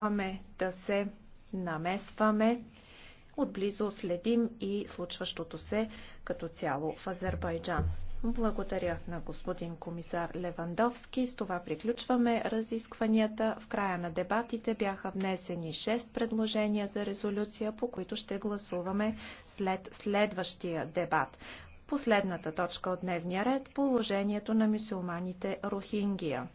продължаваме да се намесваме. Отблизо следим и случващото се като цяло в Азербайджан. Благодаря на господин комисар Левандовски. С това приключваме разискванията. В края на дебатите бяха внесени 6 предложения за резолюция, по които ще гласуваме след следващия дебат. Последната точка от дневния ред – положението на мусулманите Рохингия.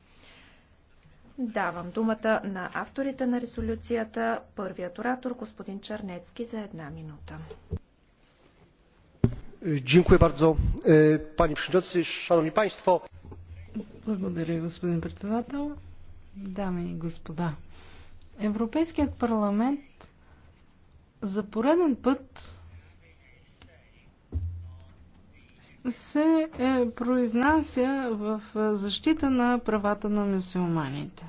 Давам думата на авторите на резолюцията. Първият оратор, господин Чернецки, за една минута. E, Благодаря, господин председател. Дами и господа, Европейският парламент за пореден път се е, произнася в е, защита на правата на мюсюлманите.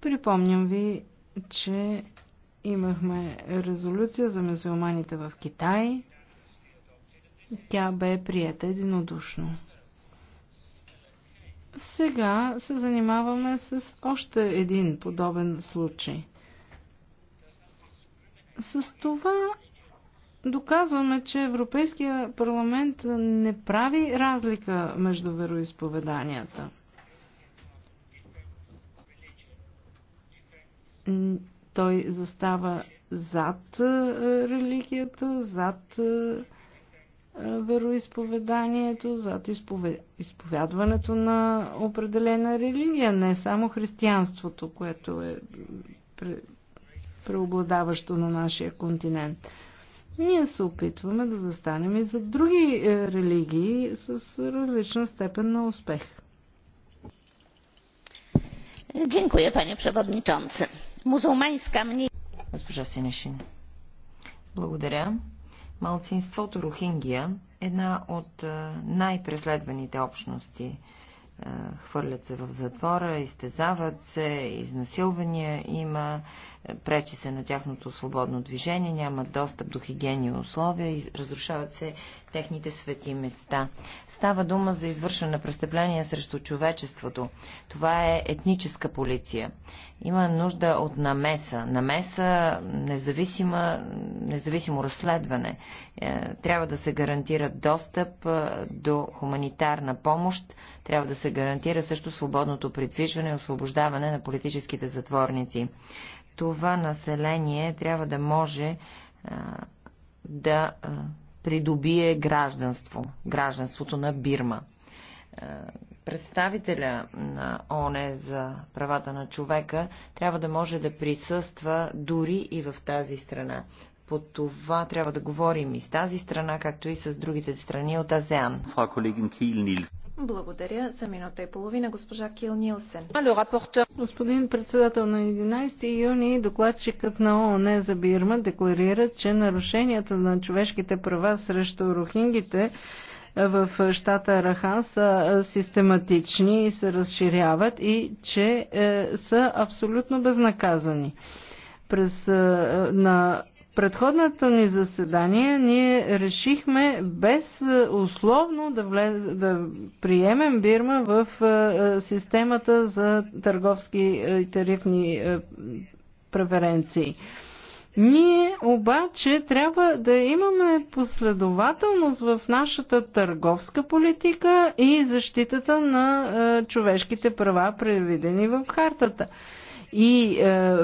Припомням ви, че имахме резолюция за мюсюлманите в Китай. Тя бе приета единодушно. Сега се занимаваме с още един подобен случай. С това доказваме, че Европейския парламент не прави разлика между вероисповеданията. Той застава зад е, религията, зад е, вероисповеданието, зад изпове... изповядването на определена религия, не само християнството, което е преобладаващо на нашия континент. Ние се опитваме да застанем и за други е, религии с различна степен на успех. Dziękuję, panie przewodniczący. Музулманска мни... Госпожа Синешин. Благодаря. Малцинството Рухингия, една от е, най-преследваните общности хвърлят се в затвора, изтезават се, изнасилвания има, е, пречи се на тяхното свободно движение, нямат достъп до хигиени условия, разрушават се техните свети места. Става дума за извършване на престъпления срещу човечеството. Това е етническа полиция. Има нужда от намеса. Намеса независима, независимо разследване. Е, трябва да се гарантира достъп е, до хуманитарна помощ, трябва да се се гарантира също свободното придвижване и освобождаване на политическите затворници. Това население трябва да може а, да а, придобие гражданство, гражданството на Бирма. А, представителя на ОНЕ за правата на човека трябва да може да присъства дори и в тази страна. По това трябва да говорим и с тази страна, както и с другите страни от Азеан. Благодаря. За минута и половина госпожа Кил Нилсен. Господин председател на 11 юни докладчикът на ООН за Бирма декларира, че нарушенията на човешките права срещу рухингите в щата Рахан са систематични и се разширяват и че е, са абсолютно безнаказани. През, на предходното ни заседание ние решихме без е, условно да, влез, да приемем Бирма в е, е, системата за търговски и тарифни преференции. Ние обаче трябва да имаме последователност в нашата търговска политика и защитата на човешките права, предвидени в хартата. И е,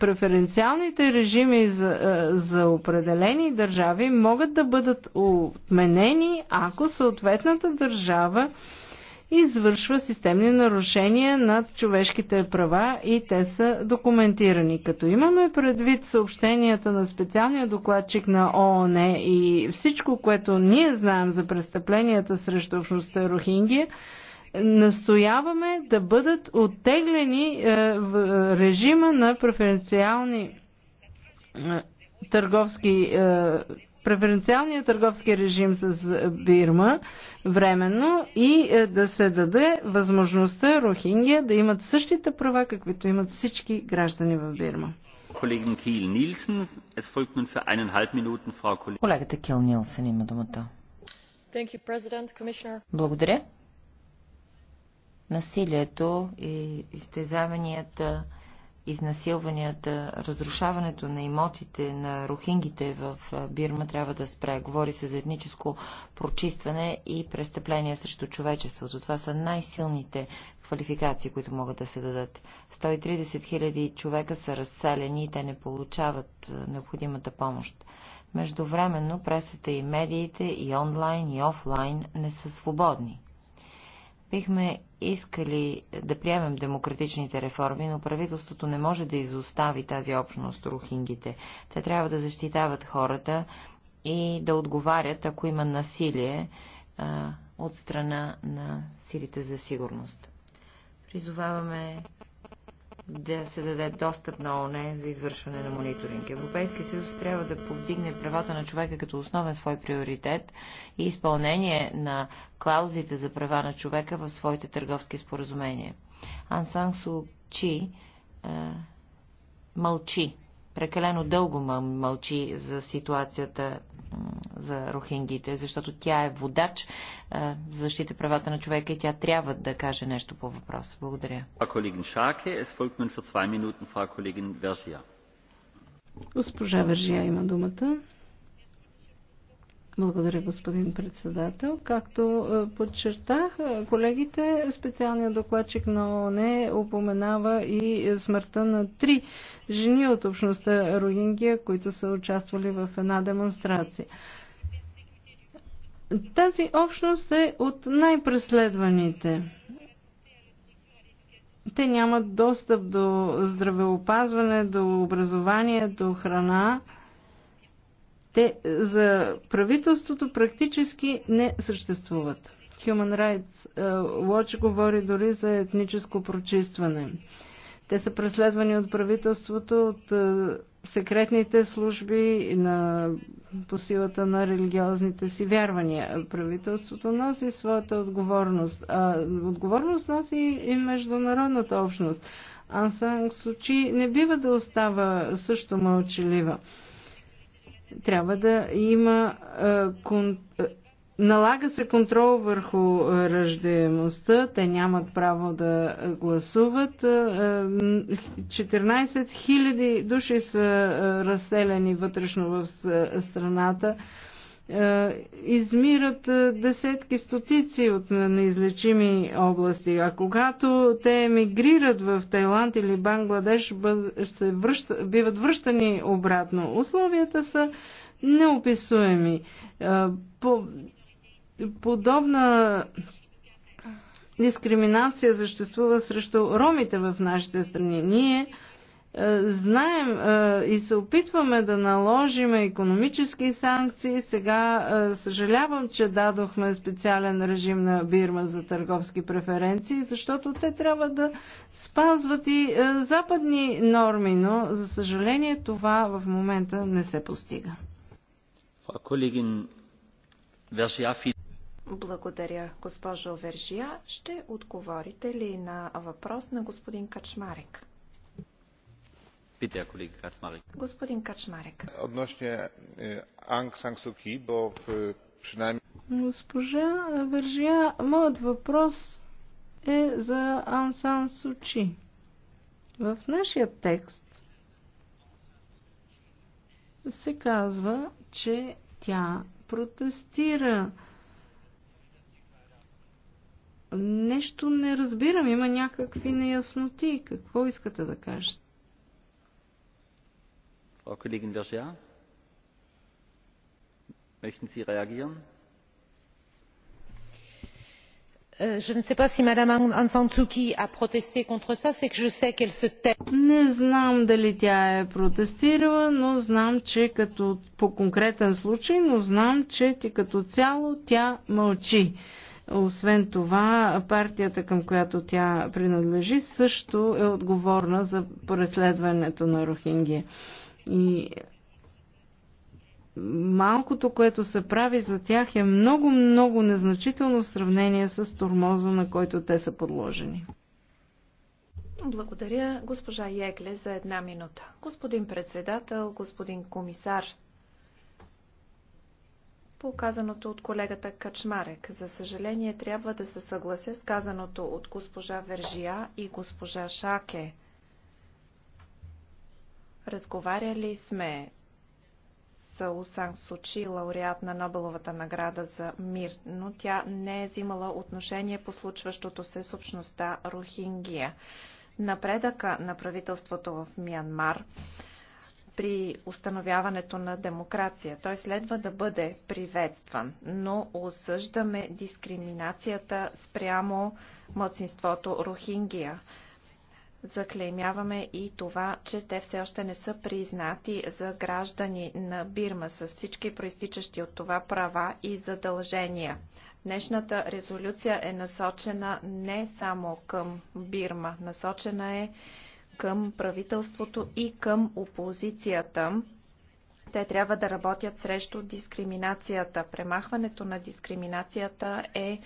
преференциалните режими за, е, за определени държави могат да бъдат отменени, ако съответната държава извършва системни нарушения над човешките права и те са документирани. Като имаме предвид съобщенията на специалния докладчик на ООН и всичко, което ние знаем за престъпленията срещу общността Рохингия, настояваме да бъдат оттеглени е, в е, режима на преференциални е, търговски преференциалният търговски режим с Бирма временно и да се даде възможността Рохингия да имат същите права, каквито имат всички граждани в Бирма. Колегата Кил Нилсен има думата. Благодаря. Насилието и изтезаванията, изнасилванията, разрушаването на имотите на рухингите в Бирма трябва да спре. Говори се за етническо прочистване и престъпления срещу човечеството. Това са най-силните квалификации, които могат да се дадат. 130 000 човека са разселени и те не получават необходимата помощ. Междувременно пресата и медиите и онлайн и офлайн не са свободни. Бихме искали да приемем демократичните реформи, но правителството не може да изостави тази общност, рухингите. Те трябва да защитават хората и да отговарят, ако има насилие а, от страна на силите за сигурност. Призоваваме да се даде достъп на ОНЕ за извършване на мониторинг. Европейския съюз трябва да повдигне правата на човека като основен свой приоритет и изпълнение на клаузите за права на човека в своите търговски споразумения. Ансан Су Чи е, мълчи Прекалено дълго мълчи за ситуацията за рохингите, защото тя е водач за защита правата на човека и тя трябва да каже нещо по въпроса. Благодаря. Госпожа Вержия има думата. Благодаря, господин председател. Както е, подчертах, е, колегите, специалният докладчик на ООН упоменава и смъртта на три жени от общността Рогингия, които са участвали в една демонстрация. Тази общност е от най-преследваните. Те нямат достъп до здравеопазване, до образование, до храна – те е, за правителството практически не съществуват. Human Rights е, Watch говори дори за етническо прочистване. Те са преследвани от правителството, от е, секретните служби на, по силата на религиозните си вярвания. Правителството носи своята отговорност. А, отговорност носи и международната общност. Ансан Сучи не бива да остава също мълчалива. Трябва да има е, кон... Е, налага се контрол върху е, ръждаемостта, те нямат право да гласуват. 14 000 души са разселени вътрешно в страната. Е, измират е, десетки, стотици от неизлечими области. А когато те емигрират в Тайланд или Бангладеш, се връща, биват връщани обратно. Условията са неописуеми. Е, по, подобна дискриминация съществува срещу ромите в нашите страни. Ние е, знаем е, и се опитваме да наложим економически санкции. Сега е, съжалявам, че дадохме специален режим на Бирма за търговски преференции, защото те трябва да спазват и западни норми, но за съжаление това в момента не се постига. Благодаря, госпожо Вержия. Ще отговорите ли на въпрос на господин Качмарек? Господин Качмарек. Е, Анг Сан Су Ки, бо е, Госпожа Вържия, моят въпрос е за Ансан Чи. В нашия текст се казва, че тя протестира. Нещо не разбирам, има някакви неясноти. Какво искате да кажете? frau kollegin vergiat möchten sie reagieren? Euh, je ne sais pas si mme aung san suu kyi a protesté contre cela c'est que je sais qu'elle se tait. не знам дали тя е протестирала но знам че като по конкретен случай но знам че като цяло тя мълчи. Освен това, партията, към която тя принадлежи, също е отговорна за преследването на Рохингия. И малкото, което се прави за тях е много, много незначително в сравнение с турмоза, на който те са подложени. Благодаря, госпожа Егле, за една минута. Господин председател, господин комисар, по казаното от колегата Качмарек, за съжаление трябва да се съглася с казаното от госпожа Вержия и госпожа Шаке – Разговаряли сме с Усан Сочи, лауреат на Нобеловата награда за мир, но тя не е взимала отношение по случващото се с общността Рохингия. Напредъка на правителството в Миянмар при установяването на демокрация. Той следва да бъде приветстван, но осъждаме дискриминацията спрямо младсинството Рохингия. Заклеймяваме и това, че те все още не са признати за граждани на Бирма с всички проистичащи от това права и задължения. Днешната резолюция е насочена не само към Бирма, насочена е към правителството и към опозицията. Те трябва да работят срещу дискриминацията. Премахването на дискриминацията е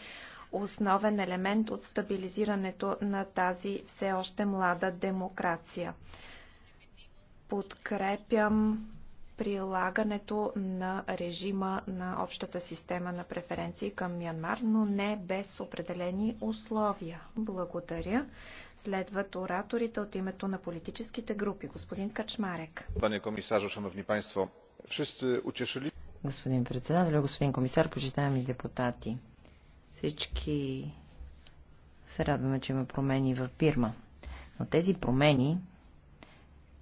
основен елемент от стабилизирането на тази все още млада демокрация. Подкрепям прилагането на режима на общата система на преференции към Мянмар, но не без определени условия. Благодаря. Следват ораторите от името на политическите групи. Господин Качмарек. Пане комисар, шановни панство, всички утешили... Господин председател, господин комисар, почитаеми депутати. Всички се радваме, че има промени в Бирма. Но тези промени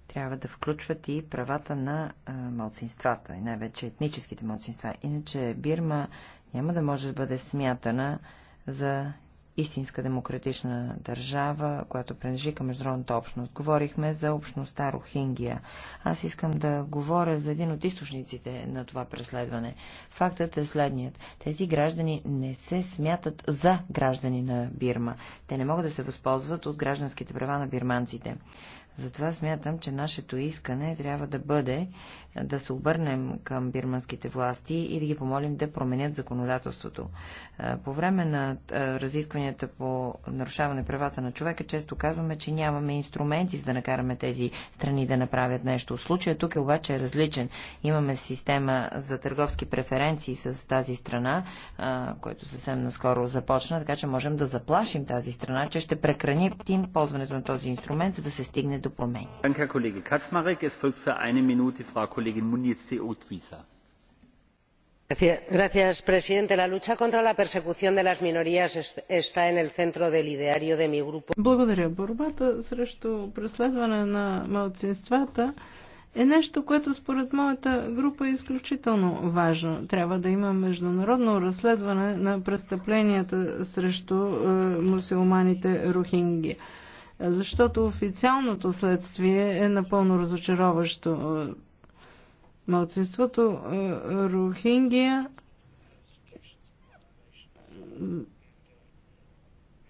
трябва да включват и правата на а, малцинствата, и най-вече етническите малцинства. Иначе Бирма няма да може да бъде смятана за истинска демократична държава, която принадлежи към международната общност. Говорихме за общността Рохингия. Аз искам да говоря за един от източниците на това преследване. Фактът е следният. Тези граждани не се смятат за граждани на Бирма. Те не могат да се възползват от гражданските права на бирманците. Затова смятам, че нашето искане трябва да бъде да се обърнем към бирманските власти и да ги помолим да променят законодателството. По време на разискванията по нарушаване правата на човека, често казваме, че нямаме инструменти за да накараме тези страни да направят нещо. Случая тук е обаче е различен. Имаме система за търговски преференции с тази страна, който съвсем наскоро започна, така че можем да заплашим тази страна, че ще прекрани ползването на този инструмент, за да се стигне до до променя. Señor presidente, la lucha contra la persecución de las minorías está en el centro del ideario de mi grupo. Благодаря. Борбата срещу преследване на малцинствата е нещо, което според моята група е изключително важно. Трябва да има международно разследване на престъпленията срещу е, мусулманите рухинги защото официалното следствие е напълно разочароващо. Малцинството е, Рохингия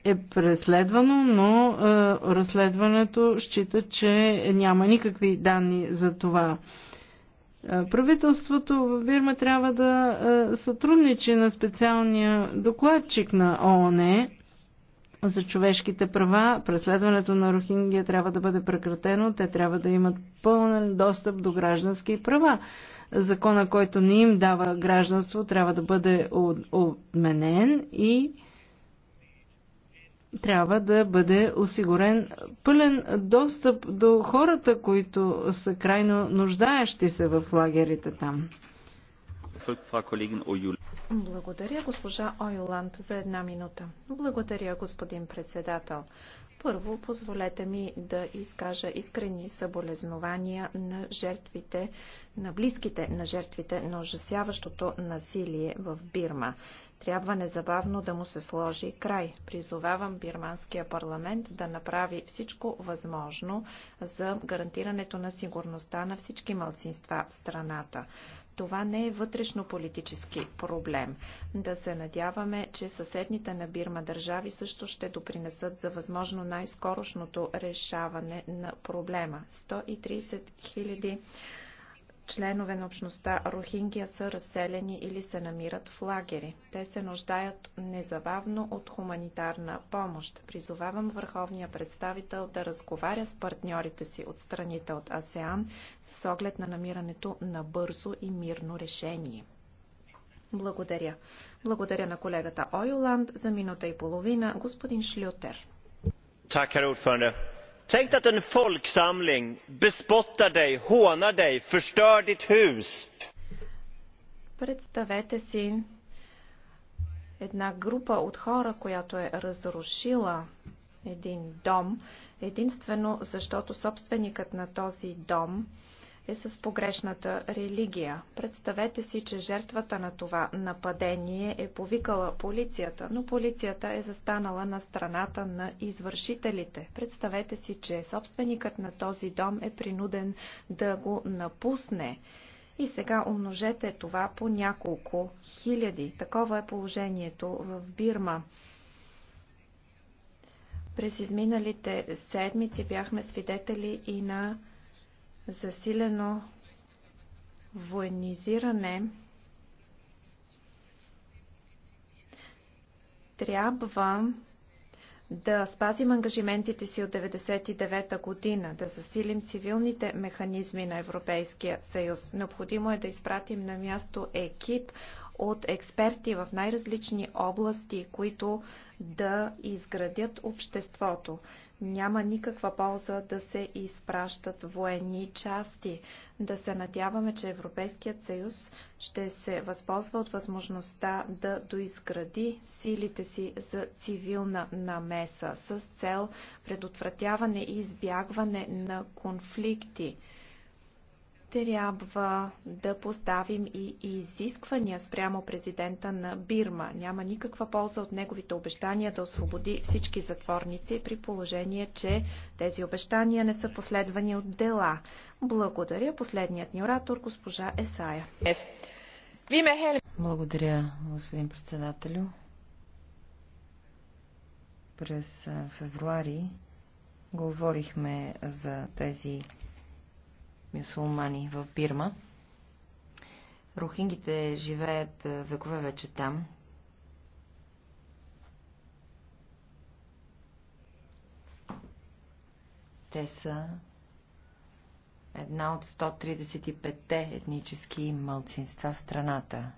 е преследвано, но е, разследването счита, че няма никакви данни за това. Е, правителството в Бирма трябва да сътрудничи на специалния докладчик на ООН за човешките права. Преследването на Рохингия трябва да бъде прекратено. Те трябва да имат пълен достъп до граждански права. Закона, който не им дава гражданство, трябва да бъде отменен и трябва да бъде осигурен пълен достъп до хората, които са крайно нуждаещи се в лагерите там. Благодаря, госпожа Ойланд, за една минута. Благодаря, господин председател. Първо, позволете ми да изкажа искрени съболезнования на жертвите, на близките на жертвите на ужасяващото насилие в Бирма. Трябва незабавно да му се сложи край. Призовавам бирманския парламент да направи всичко възможно за гарантирането на сигурността на всички малцинства в страната това не е вътрешно политически проблем. Да се надяваме, че съседните на Бирма държави също ще допринесат за възможно най-скорошното решаване на проблема. 130 хиляди 000 членове на общността Рохингия са разселени или се намират в лагери. Те се нуждаят незабавно от хуманитарна помощ. Призовавам върховния представител да разговаря с партньорите си от страните от АСЕАН с оглед на намирането на бързо и мирно решение. Благодаря. Благодаря на колегата Ойоланд за минута и половина, господин Шлютер tänk dig att en folksamling bespottar dig, hånar dig, förstör ditt hus. Представете си една група от хора, която е разрушила един дом, единствено защото собственикът на този дом е с погрешната религия. Представете си, че жертвата на това нападение е повикала полицията, но полицията е застанала на страната на извършителите. Представете си, че собственикът на този дом е принуден да го напусне. И сега умножете това по няколко хиляди. Такова е положението в Бирма. През изминалите седмици бяхме свидетели и на засилено военизиране трябва да спазим ангажиментите си от 1999-та година, да засилим цивилните механизми на Европейския съюз. Необходимо е да изпратим на място екип от експерти в най-различни области, които да изградят обществото. Няма никаква полза да се изпращат военни части. Да се надяваме, че Европейският съюз ще се възползва от възможността да доизгради силите си за цивилна намеса с цел предотвратяване и избягване на конфликти трябва да поставим и изисквания спрямо президента на Бирма. Няма никаква полза от неговите обещания да освободи всички затворници при положение, че тези обещания не са последвани от дела. Благодаря. Последният ни оратор, госпожа Есая. Благодаря, господин председателю. През февруари говорихме за тези мюсулмани в Бирма. Рухингите живеят векове вече там. Те са една от 135-те етнически мълцинства в страната.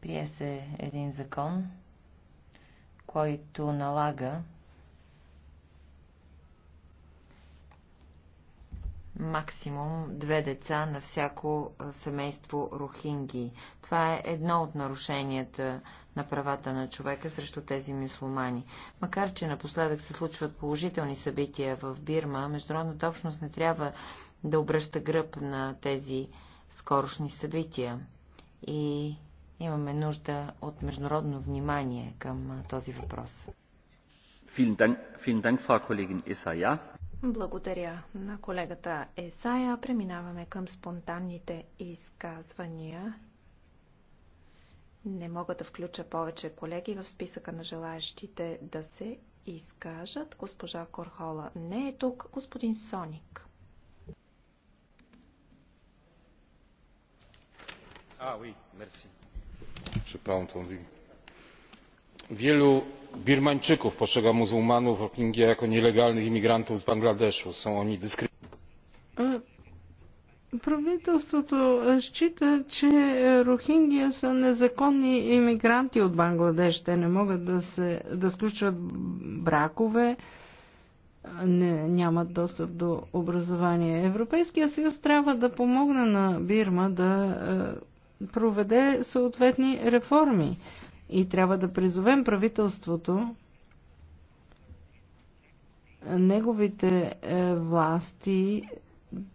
Прие се един закон, който налага максимум две деца на всяко семейство рухинги. Това е едно от нарушенията на правата на човека срещу тези мюсулмани. Макар, че напоследък се случват положителни събития в Бирма, международната общност не трябва да обръща гръб на тези скорошни събития. И имаме нужда от международно внимание към този въпрос. Vielen Dank, vielen Dank Frau Kollegin благодаря на колегата Есая. Преминаваме към спонтанните изказвания. Не мога да включа повече колеги в списъка на желаящите да се изкажат. Госпожа Корхола не е тук. Господин Соник. А, oui, merci. Je wielu birmańczyków postrzega muzułmanów rohingja jako nielegalnych imigrantów z bangladeszu. są oni Правителството счита, че рохингия са незаконни иммигранти от Бангладеш. Те не могат да, се, да сключват бракове, не, нямат достъп до образование. Европейския съюз трябва да помогне на Бирма да проведе съответни реформи. И трябва да призовем правителството, неговите е, власти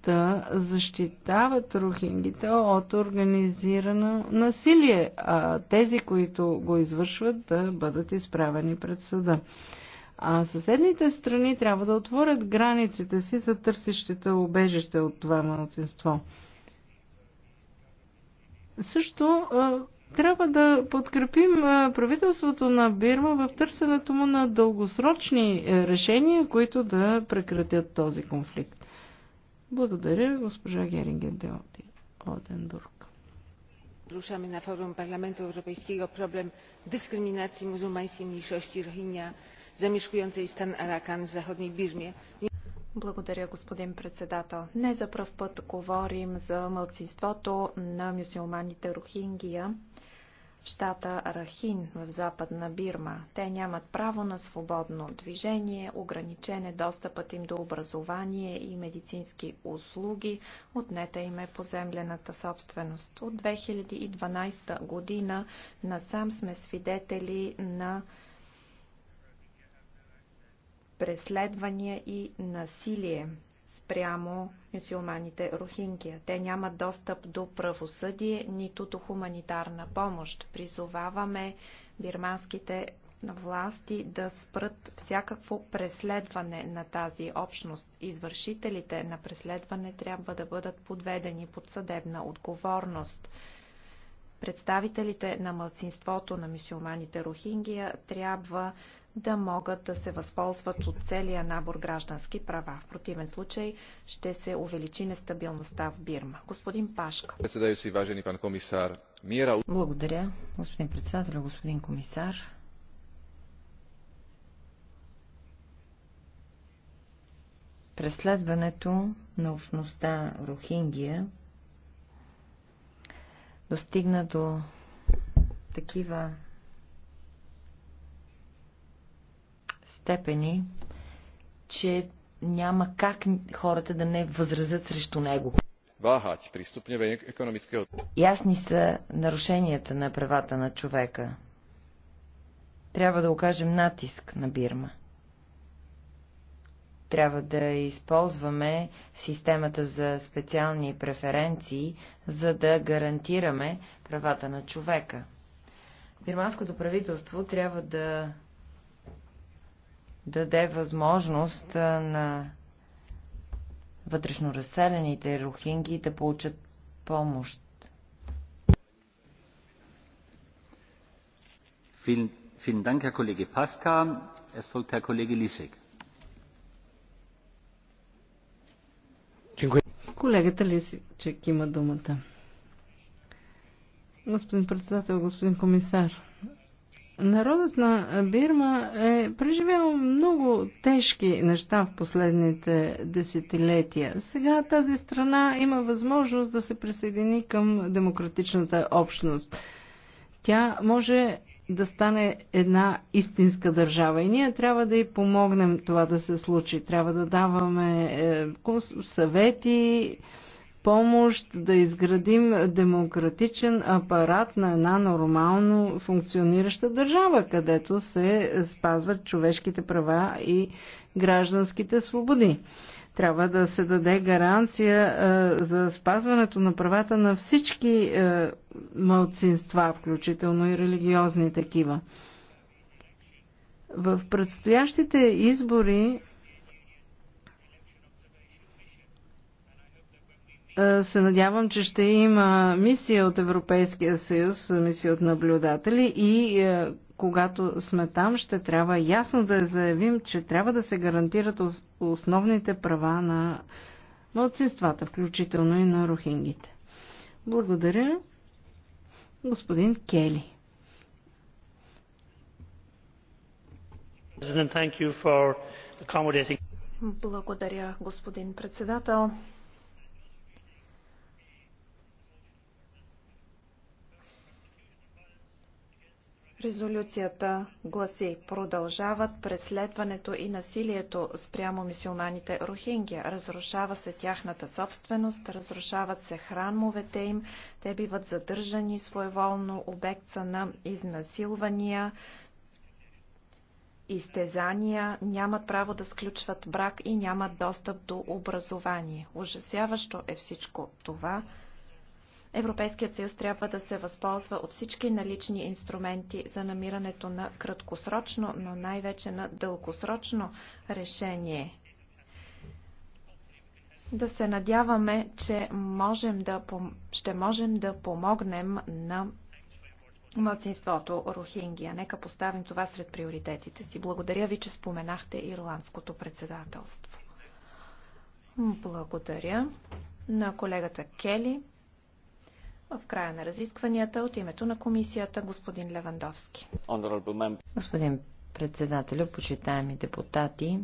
да защитават рухингите от организирано насилие, а тези, които го извършват, да бъдат изправени пред съда. А съседните страни трябва да отворят границите си за търсещите убежище от това малцинство. Също е, трябва да подкрепим правителството на Бирма в търсенето му на дългосрочни е, решения, които да прекратят този конфликт. Благодаря, госпожа Геринген Деоти Оденбург. Ruszamy na forum Parlamentu Europejskiego problem dyskryminacji muzułmańskiej mniejszości Rohingya zamieszkującej stan Arakan w zachodniej Birmie. Благодаря, господин председател. Не за пръв път говорим за мълцинството на мюсюлманите Рохингия щата Рахин в западна Бирма. Те нямат право на свободно движение, ограничен е достъпът им до образование и медицински услуги, отнета им е поземлената собственост. От 2012 година насам сме свидетели на преследвания и насилие спрямо мюсюлманите рухингия. Те нямат достъп до правосъдие, нито до хуманитарна помощ. Призоваваме бирманските власти да спрат всякакво преследване на тази общност. Извършителите на преследване трябва да бъдат подведени под съдебна отговорност. Представителите на мълцинството на мюсюлманите Рохингия трябва да могат да се възползват от целия набор граждански права. В противен случай ще се увеличи нестабилността в Бирма. Господин Пашка. Председател важени пан комисар. Мира... Благодаря, господин председател, господин комисар. Преследването на общността Рохингия достигна до такива степени, че няма как хората да не възразят срещу него. Ясни са нарушенията на правата на човека. Трябва да окажем натиск на Бирма. Трябва да използваме системата за специални преференции, за да гарантираме правата на човека. Бирманското правителство трябва да даде възможност на вътрешно разселените рухинги да получат помощ. Vielen Dank, Herr Kollege Pasca. Es folgt Herr Kollege Lisek. Колегата Лисичек има думата. Господин председател, господин комисар. Народът на Бирма е преживял много тежки неща в последните десетилетия. Сега тази страна има възможност да се присъедини към демократичната общност. Тя може да стане една истинска държава. И ние трябва да й помогнем това да се случи. Трябва да даваме е, съвети, помощ, да изградим демократичен апарат на една нормално функционираща държава, където се спазват човешките права и гражданските свободи. Трябва да се даде гаранция а, е, за спазването на правата на всички а, е, малцинства, включително и религиозни такива. В предстоящите избори Е, се надявам, че ще има мисия от Европейския съюз, мисия от наблюдатели и е, когато сме там, ще трябва ясно да заявим, че трябва да се гарантират основните права на младсинствата, включително и на рухингите. Благодаря, господин Кели. Благодаря, господин председател. Резолюцията гласи Продължават преследването и насилието спрямо мисюлманите Рохингия. Разрушава се тяхната собственост, разрушават се храмовете им, те биват задържани своеволно, обект са на изнасилвания, изтезания, нямат право да сключват брак и нямат достъп до образование. Ужасяващо е всичко това Европейският съюз трябва да се възползва от всички налични инструменти за намирането на краткосрочно, но най-вече на дългосрочно решение. Да се надяваме, че можем да, ще можем да помогнем на младсинството Рохингия. Нека поставим това сред приоритетите си. Благодаря ви, че споменахте ирландското председателство. Благодаря на колегата Кели в края на разискванията от името на комисията господин Левандовски. Господин председател, почитаеми депутати,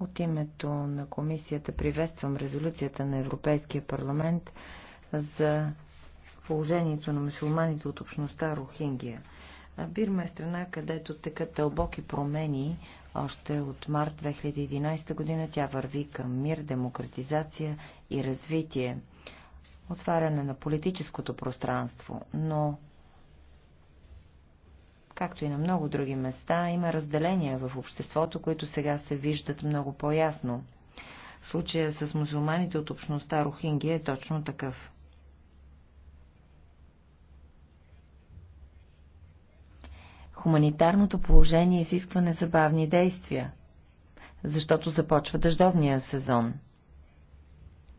от името на комисията приветствам резолюцията на Европейския парламент за положението на мусулманите от общността Рохингия. Бирма е страна, където текат дълбоки промени. Още от март 2011 година тя върви към мир, демократизация и развитие отваряне на политическото пространство, но както и на много други места, има разделения в обществото, които сега се виждат много по-ясно. Случая с мусулманите от общността Рухинги е точно такъв. Хуманитарното положение изисква незабавни действия, защото започва дъждовния сезон –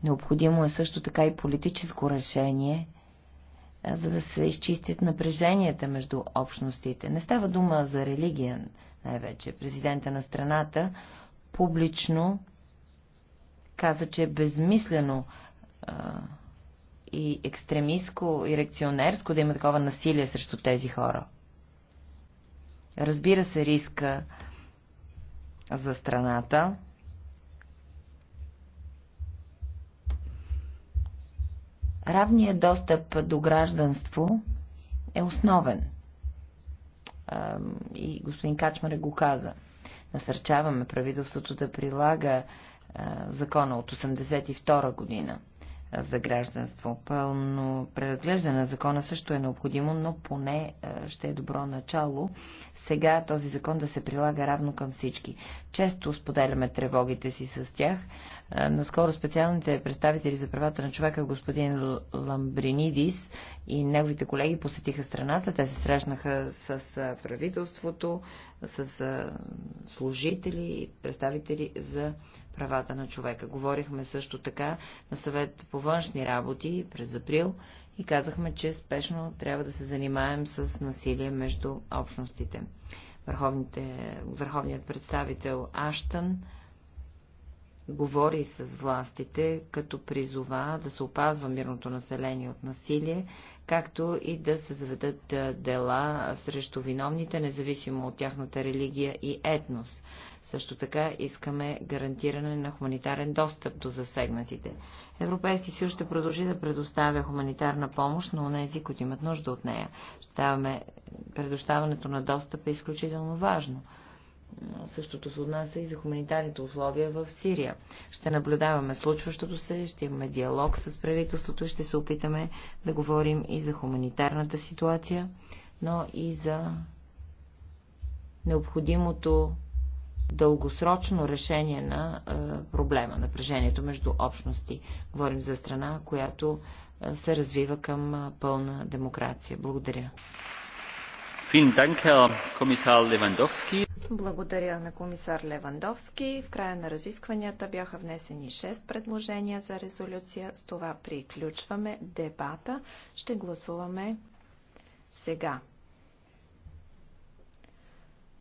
Необходимо е също така и политическо решение, за да се изчистят напреженията между общностите. Не става дума за религия най-вече. Президента на страната публично каза, че е безмислено и екстремистско, и реакционерско да има такова насилие срещу тези хора. Разбира се риска за страната, Равният достъп до гражданство е основен. И господин Качмаре го каза. Насърчаваме правителството да прилага закона от 1982 година за гражданство. Пълно преразглеждане на закона също е необходимо, но поне е, ще е добро начало сега този закон да се прилага равно към всички. Често споделяме тревогите си с тях. Е, наскоро специалните представители за правата на човека, господин Ламбринидис и неговите колеги посетиха страната. Те се срещнаха с е, правителството, с служители, представители за правата на човека. Говорихме също така на съвет по външни работи през април и казахме, че спешно трябва да се занимаем с насилие между общностите. върховният представител Аштън говори с властите, като призова да се опазва мирното население от насилие, както и да се заведат дела срещу виновните, независимо от тяхната религия и етнос. Също така искаме гарантиране на хуманитарен достъп до засегнатите. Европейски съюз ще продължи да предоставя хуманитарна помощ на онези, които имат нужда от нея. Предоставянето на достъп е изключително важно. Същото се отнася и за хуманитарните условия в Сирия. Ще наблюдаваме случващото се, ще имаме диалог с правителството, ще се опитаме да говорим и за хуманитарната ситуация, но и за необходимото дългосрочно решение на е, проблема, напрежението между общности. Говорим за страна, която е, се развива към е, пълна демокрация. Благодаря. Благодаря на комисар Левандовски. В края на разискванията бяха внесени 6 предложения за резолюция. С това приключваме дебата. Ще гласуваме сега.